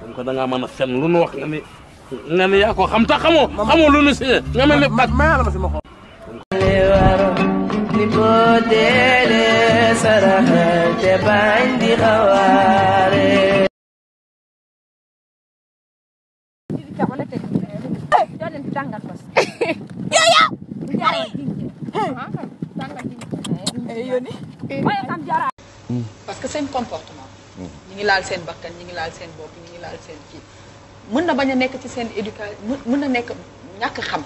comme que da ngaa a fen lu nu wax nga ni nga ni yaa ko xam tax xamoo xamoo lu nu si nga mel ni ma yàlla ma si xool ni boo deelee saraxal te bañ di xawaare parce que seen ñi ngi laal seen bakkan ñi ngi laal seen bopp ñi ngi laal seen kii mën na bañ a nekk ci seen éducation mën na nekk ñàkk xam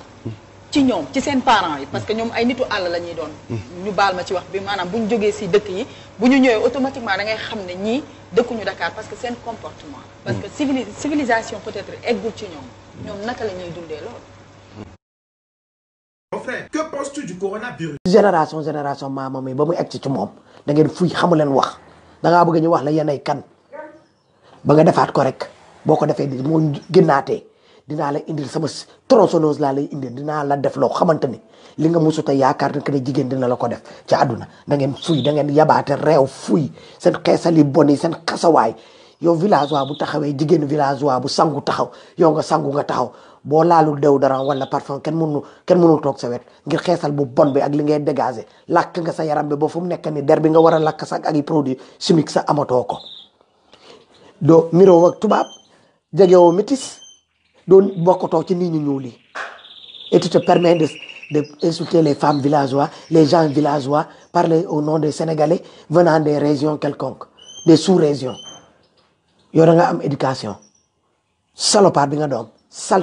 ci ñoom ci seen parents yi parce que ñoom ay nitu àll la ñuy doon ñu baal ma ci wax bi maanaam bu ñu jógee si dëkk yi bu ñu ñëwee automatiquement da ngay xam ne ñii dëkkuñu Dakar parce que seen comportement parce que civili civilisation peut-être eggul ci ñoom ñoom naka la ñuy dundee loolu mon frère que penses coronavirus génération génération maamam yi ba mu egg moom da ngeen fuy xamu leen wax da ngaa bëgg ñu wax la yéen kan ba nga defaat ko rek boo ko defee di moo génnaatee dinaa la indi indil sama tronçonneuse laa lay indil dinaa la def loo xamante ni li nga musuta yaakaar ne que ne jigéen dina la ko def ci àdduna da ngeen fuy da ngeen yabaate réew fuy seen xeesali bon yi seen kasawaay yow villageois bu taxawee jigéenu villageois bu sangu taxaw yow nga sangu nga taxaw boo laalul deew dara wala parfum kenn mënu kenn mënul toog sawet wet ngir xeesal bu bon bi ak li ngay dégager lakk nga sa yaram bi ba fu mu nekk ni der bi nga war a lakk sax ak i produit chimique sa amatoo ko doo miroo tubaab jegewoo métis doo bokkatoo ci nit ñu ñuul yi et tu te permets de de insulter les femmes villageois les gens villageois parler au nom des sénégalais venant des régions quelconques des sous-régions yow nga am éducation salopaar bi nga doon sal